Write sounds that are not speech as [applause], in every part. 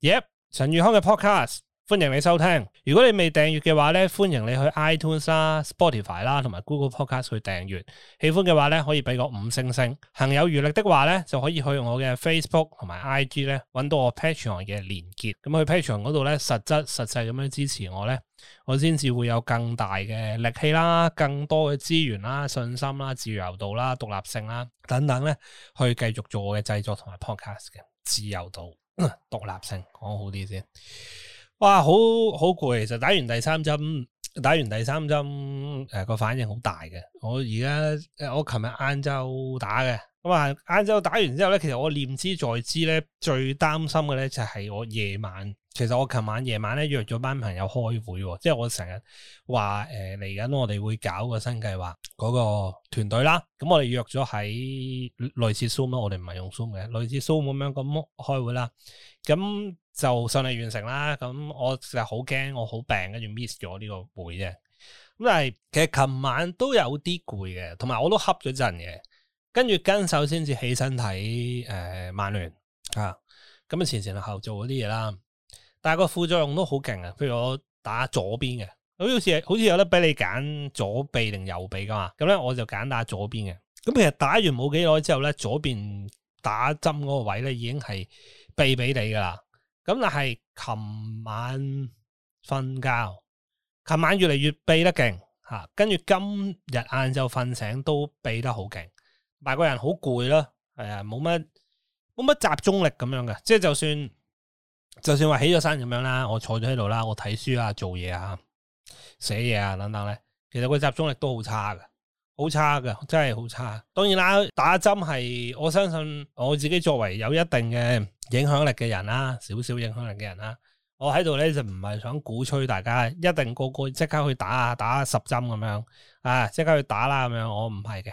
yep 陳宇康嘅 podcast，歡迎你收聽。如果你未訂閱嘅話咧，歡迎你去 iTunes 啦、Spotify 啦，同埋 Google Podcast 去訂閱。喜歡嘅話咧，可以俾個五星星。行有餘力的話咧，就可以去我嘅 Facebook 同埋 IG 咧，揾到我 Patreon 嘅連結。咁去 Patreon 嗰度咧，實質實際咁樣支持我咧，我先至會有更大嘅力氣啦、更多嘅資源啦、信心啦、自由度啦、獨立性啦等等咧，去繼續做我嘅製作同埋 podcast 嘅自由度。獨立性講好啲先，哇，好好攰！其實打完第三針，打完第三針，誒、呃、個反應好大嘅。我而家我琴日晏晝打嘅，咁啊晏晝打完之後咧，其實我念之在之咧，最擔心嘅咧就係我夜晚。其實我琴晚夜晚咧約咗班朋友開會，即係我成日話誒嚟緊我哋會搞個新計劃嗰個團隊啦。咁我哋約咗喺類似 Zoom 我哋唔係用 Zoom 嘅，類似 Zoom 咁樣咁開會啦。咁就順利完成啦。咁我成日好驚，我好病，跟住 miss 咗呢個會啫。咁但係其實琴晚都有啲攰嘅，同埋我都恰咗陣嘅。跟住跟手先至起身睇誒曼聯啊，咁啊前前後後做嗰啲嘢啦。但係個副作用都好勁啊，譬如，我打左邊嘅，好似好似有得俾你揀左臂定右臂噶嘛，咁咧我就揀打左邊嘅。咁其實打完冇幾耐之後咧，左邊打針嗰個位咧已經係痹俾你噶啦。咁但係琴晚瞓覺，琴晚越嚟越痹得勁吓，跟住今日晏晝瞓醒都痹得好勁，但係個人好攰啦，冇乜冇乜集中力咁樣嘅，即係就算。就算話起咗身咁樣啦，我坐咗喺度啦，我睇書啊、做嘢啊、寫嘢啊等等咧，其實個集中力都好差㗎，好差㗎，真係好差的。當然啦，打針係我相信我自己作為有一定嘅影響力嘅人啦，少少影響力嘅人啦，我喺度咧就唔係想鼓吹大家一定個個即刻去打啊，打十針咁樣啊，即刻去打啦咁樣，我唔係嘅。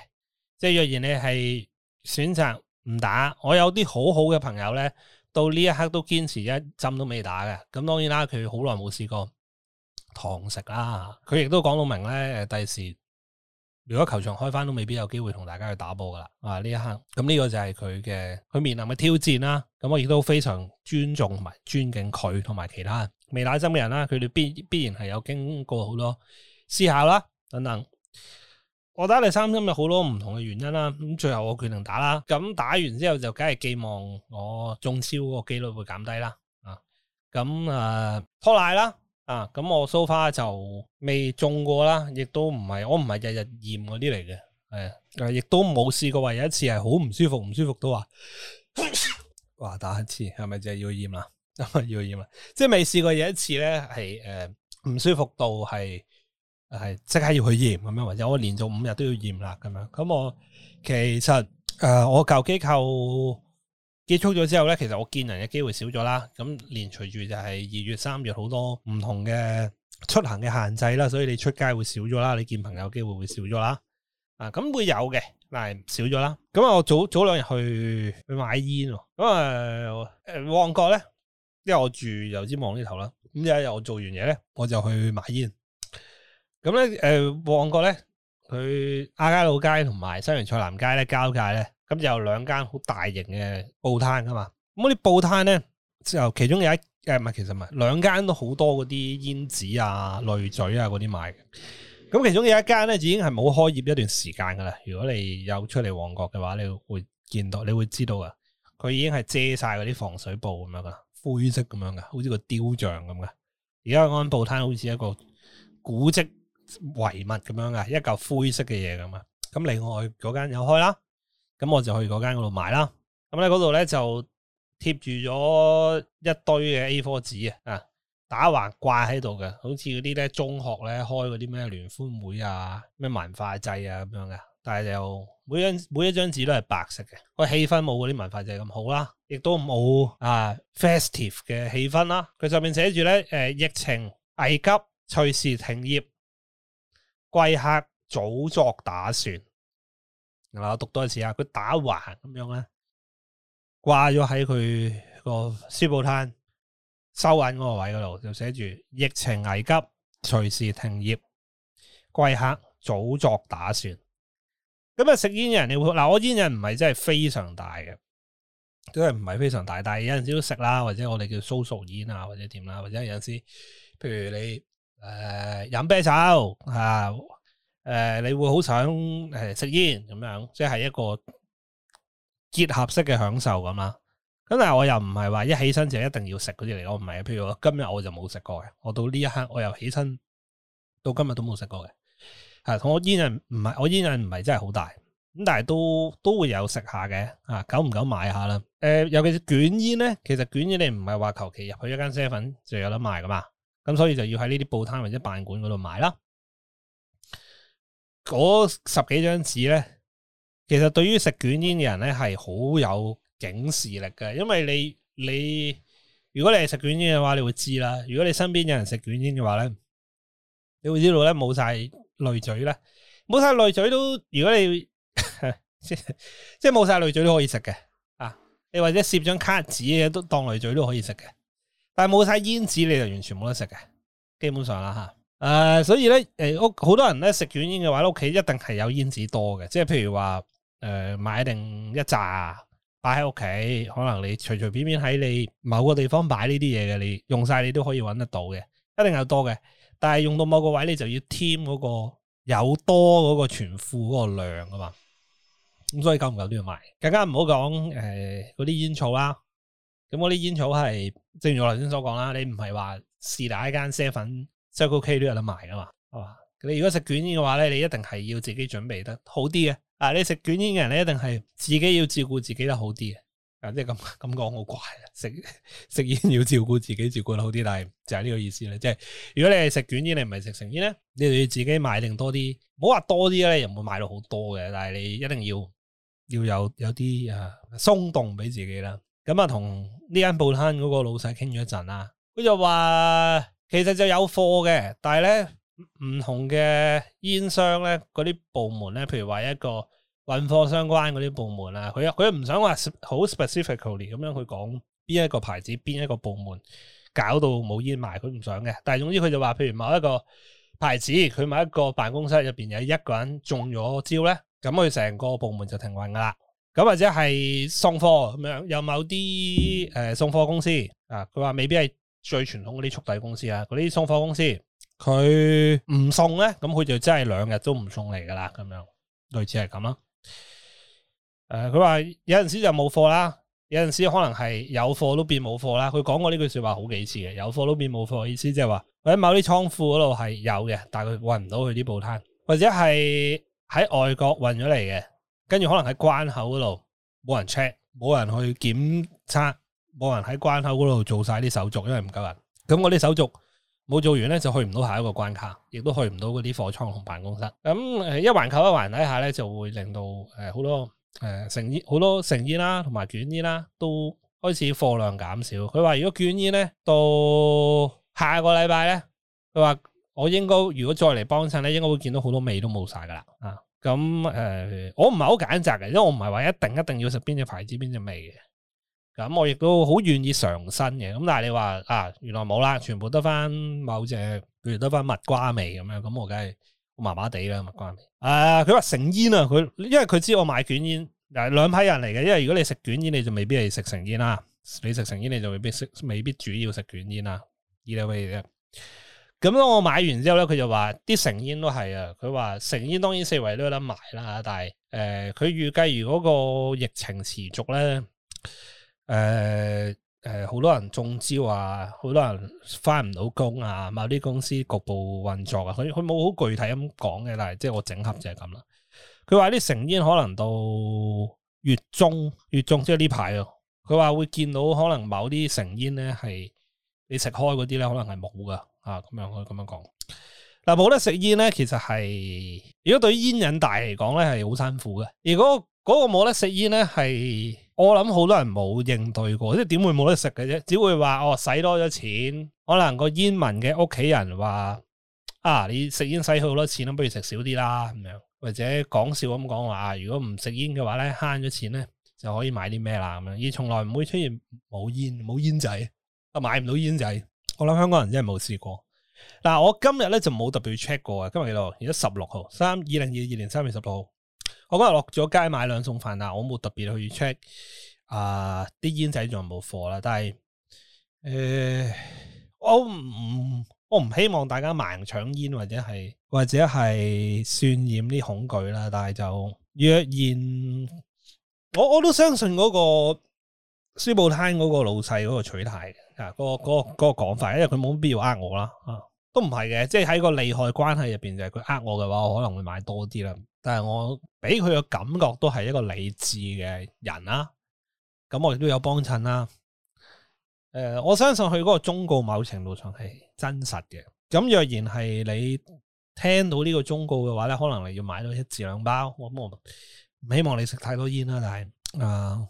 即係若然你係選擇唔打，我有啲好好嘅朋友咧。到呢一刻都堅持一針都未打嘅，咁當然啦，佢好耐冇試過堂食啦。佢亦都講到明咧，第時如果球場開返，都未必有機會同大家去打波㗎喇。啊，呢一刻，咁呢個就係佢嘅佢面臨嘅挑戰啦。咁我亦都非常尊重同埋尊敬佢同埋其他未打針嘅人啦。佢哋必必然係有經過好多思考啦等等。我打第三針有好多唔同嘅原因啦，咁最後我決定打啦，咁打完之後就梗係寄望我中超個幾率會減低啦，啊，咁啊托賴啦，啊，咁我蘇花就未中過啦，亦都唔係我唔係日日驗嗰啲嚟嘅，係亦都冇試過話有一次係好唔舒服，唔舒服都話哇打一次係咪就係要驗啦，咁啊要驗啊，即係未試過有一次咧係誒唔舒服到係。係即刻要去驗咁樣，或者我連續五日都要驗啦咁樣。咁我其實誒、呃，我舊機構結束咗之後咧，其實我見人嘅機會少咗啦。咁連隨住就係二月三月好多唔同嘅出行嘅限制啦，所以你出街會少咗啦，你見朋友嘅機會會少咗啦。啊，咁、嗯、會有嘅，但係少咗啦。咁啊，我早早兩日去去買煙喎。咁啊誒旺角咧，因為我住油尖旺呢頭啦。咁一又我做完嘢咧，我就去買煙。咁咧，誒、呃、旺角咧，佢亞皆老街同埋西洋菜南街咧交界咧，咁就有兩間好大型嘅報攤噶嘛。咁嗰啲報攤咧，就其中有一誒唔、呃、其實唔係兩間都好多嗰啲煙紙啊、濾嘴啊嗰啲賣嘅。咁其中有一間咧，已經係冇開業一段時間噶啦。如果你有出嚟旺角嘅話，你會見到，你會知道呀，佢已經係遮晒嗰啲防水布咁樣噶，灰色咁樣噶，好似個雕像咁嘅。而家安間報攤好似一個古跡。遺物咁樣嘅，一嚿灰色嘅嘢咁嘛，咁另外嗰間有開啦，咁我就去嗰間嗰度買啦。咁咧嗰度咧就貼住咗一堆嘅 A4 紙啊，啊打橫掛喺度嘅，好似嗰啲咧中學咧開嗰啲咩聯歡會啊，咩文化祭啊咁樣嘅。但係就每張每一張紙都係白色嘅，個氣氛冇嗰啲文化祭咁好啦，亦都冇啊 festive 嘅氣氛啦。佢上面寫住咧，誒、啊、疫情危急，隨時停業。貴客早作打算，我讀多一次啊，佢打橫咁樣咧，掛咗喺佢個書報攤收銀嗰個位嗰度，就寫住疫情危急，隨時停業。貴客早作打算，咁啊，食煙嘅人你會嗱，我煙癮唔係真係非常大嘅，都係唔係非常大的，但係有陣時都食啦，或者我哋叫 social 煙啊，或者點啦，或者有陣時，譬如你。誒，飲、呃、啤酒啊！誒、呃，你會好想誒食煙咁樣，即係一個結合式嘅享受咁啦。咁但係我又唔係話一起身就一定要食嗰啲嚟我唔係。譬如我今日我就冇食過嘅，我到呢一刻我又起身到今日都冇食過嘅。同、啊、我煙癮唔係，我煙癮唔係真係好大，咁但係都都會有食下嘅。啊，久唔久買下啦。誒、呃，尤其是捲煙咧，其實卷煙你唔係話求其入去一間 Seven 就有得賣噶嘛。咁所以就要喺呢啲報攤或者辦館嗰度買啦。嗰十幾張紙咧，其實對於食卷煙嘅人咧係好有警示力嘅，因為你你如果你係食卷煙嘅話，你會知啦。如果你身邊有人食卷煙嘅話咧，你會知道咧冇晒濾嘴啦，冇晒濾嘴都如果你 [laughs] 即係冇晒濾嘴都可以食嘅啊！你或者攝張卡紙嘅都當濾嘴都可以食嘅。但係冇晒煙紙，你就完全冇得食嘅，基本上啦吓，誒、啊，所以咧，誒屋好多人咧食卷煙嘅話，屋企一定係有煙紙多嘅，即係譬如話，誒、呃、買定一紮擺喺屋企，可能你隨隨便便喺你某個地方擺呢啲嘢嘅，你用晒你都可以搵得到嘅，一定有多嘅。但係用到某個位，你就要添嗰個有多嗰個存庫嗰個量㗎嘛，咁所以夠唔夠都要買，更加唔好講誒嗰啲煙草啦。咁我啲煙草係，正如我頭先所講啦，你唔係話是但一間七仔、OK 都有得賣噶嘛？啊，你如果食卷煙嘅話咧，你一定係要自己準備得好啲嘅。啊，你食卷煙嘅人咧，一定係自己要照顧自己得好啲嘅。啊，即係咁咁講好怪啊！食食煙要照顧自己，照顧得好啲，但係就係呢個意思咧。即係如果你係食卷煙，你唔係食成煙咧，你就要自己買定多啲。唔好話多啲啦，你又唔會買到好多嘅。但係你一定要要有有啲啊鬆動俾自己啦。咁啊同。呢間報攤嗰個老細傾咗一陣啦，佢就話其實就有貨嘅，但係咧唔同嘅煙商咧嗰啲部門咧，譬如話一個運貨相關嗰啲部門啦，佢佢又唔想話好 specifically 咁樣去講邊一個牌子、邊一個部門搞到冇煙賣，佢唔想嘅。但係總之佢就話，譬如某一個牌子，佢某一個辦公室入面有一個人中咗招咧，咁佢成個部門就停運噶啦。咁或者係送貨咁樣，有某啲誒送貨公司啊，佢話未必係最傳統嗰啲速遞公司啊，嗰啲送貨公司佢唔送咧，咁佢就真係兩日都唔送嚟噶啦，咁樣類似係咁咯。誒、啊，佢話有陣時就冇貨啦，有陣時可能係有貨都變冇貨啦。佢講過呢句說話好幾次嘅，有貨都變冇貨，意思即係話喺某啲倉庫嗰度係有嘅，但係佢運唔到佢啲報攤，或者係喺外國運咗嚟嘅，跟住可能喺關口嗰度冇人 check，冇人去檢測，冇人喺關口嗰度做晒啲手續，因為唔夠人。咁我啲手續冇做完咧，就去唔到下一個關卡，亦都去唔到嗰啲貨倉同辦公室。咁誒一環扣一環底下咧，就會令到誒好多誒、呃、成煙好多成煙啦，同埋捲煙啦，都開始貨量減少。佢話如果捲煙咧到下個禮拜咧，佢話我應該如果再嚟幫襯咧，應該會見到好多尾都冇晒噶啦啊！咁誒、呃，我唔係好揀擇嘅，因為我唔係話一定一定要食邊隻牌子邊隻味嘅。咁我亦都好願意嘗新嘅。咁但係你話啊，原來冇啦，全部得翻某隻，譬如得翻蜜瓜味咁樣，咁我梗係麻麻地啦蜜瓜味。啊，佢話、呃、成煙啊，佢因為佢知我買捲煙，嗱兩批人嚟嘅。因為如果你食卷煙，你就未必係食成煙啦、啊。你食成煙，你就未必食，未必主要食卷煙啦、啊。知味未？咁我買完之後咧，佢就話啲成煙都係啊。佢話成煙當然四圍都有得賣啦，但係誒，佢預計如果個疫情持續咧，誒、呃、誒，好、呃、多人中招啊，好多人翻唔到工啊，某啲公司局部運作啊，佢佢冇好具體咁講嘅，但係即係我整合就係咁啦。佢話啲成煙可能到月中，月中即係呢排，佢、就、話、是哦、會見到可能某啲成煙咧係你食開嗰啲咧，可能係冇噶。啊，咁樣我咁樣講，嗱，冇得食煙咧，其實係如果對於煙癮大嚟講咧，係好辛苦嘅。如果嗰個冇得食煙咧，係我諗好多人冇應對過，即係點會冇得食嘅啫？只會話哦，使多咗錢，可能個煙民嘅屋企人話啊，你食煙使好多錢咁不如食少啲啦，咁樣或者講笑咁講話如果唔食煙嘅話咧，慳咗錢咧就可以買啲咩啦咁樣，而從來唔會出現冇煙冇煙仔，啊買唔到煙仔。我諗香港人真係冇試過。嗱、啊，我今，今日咧就冇特別 check 過啊。今日幾多？而家十六號，三二零二二年三月十六號。我今日落咗街買兩餸飯，我冇特別去 check 啊啲煙仔仲冇貨啦。但係誒，我唔我唔希望大家盲搶煙或者係或者係渲染啲恐懼啦。但係就若然我我都相信嗰、嗰個。書報攤嗰個老細嗰、嗰個取態，啊、嗰個，嗰、嗰個嗰個嗰個講法，因為佢冇必要呃我啦，啊，都唔係嘅，即係喺個利害關係入邊就係佢呃我嘅話，我可能會買多啲啦。但係我俾佢嘅感覺都係一個理智嘅人啦、啊。咁我亦都有幫襯啦。誒、啊，我相信佢嗰個忠告某程度上係真實嘅。咁若然係你聽到呢個忠告嘅話咧，可能你要買到一至兩包。我、啊、希望你食太多煙啦，但係啊。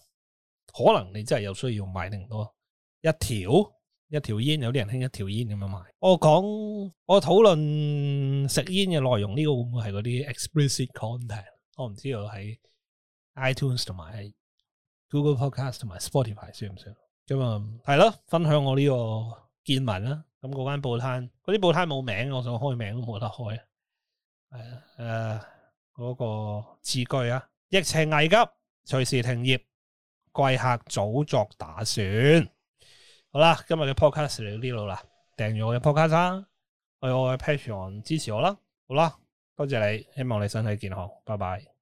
可能你真係有需要買定多一條一條煙，有啲人興一條煙咁樣買。我講我討論食煙嘅內容，呢、呢個會唔會係嗰啲 explicit content？我唔知道喺 iTunes 同埋喺 Google Podcast 同埋 Spotify 算唔算？咁、嗯、啊，係咯，分享我呢個見聞啦。咁嗰間報攤，嗰啲報攤冇名，我想開名都冇得開。係啊，嗰、嗰個字句啊，疫情危急，隨時停業。貴客早作打算，好啦，今日嘅 podcast 就嚟到呢度啦，訂閱我嘅 podcast 啦，用我嘅 Patreon 支持我啦，好啦，多謝，謝你，希望你身體健康，拜拜。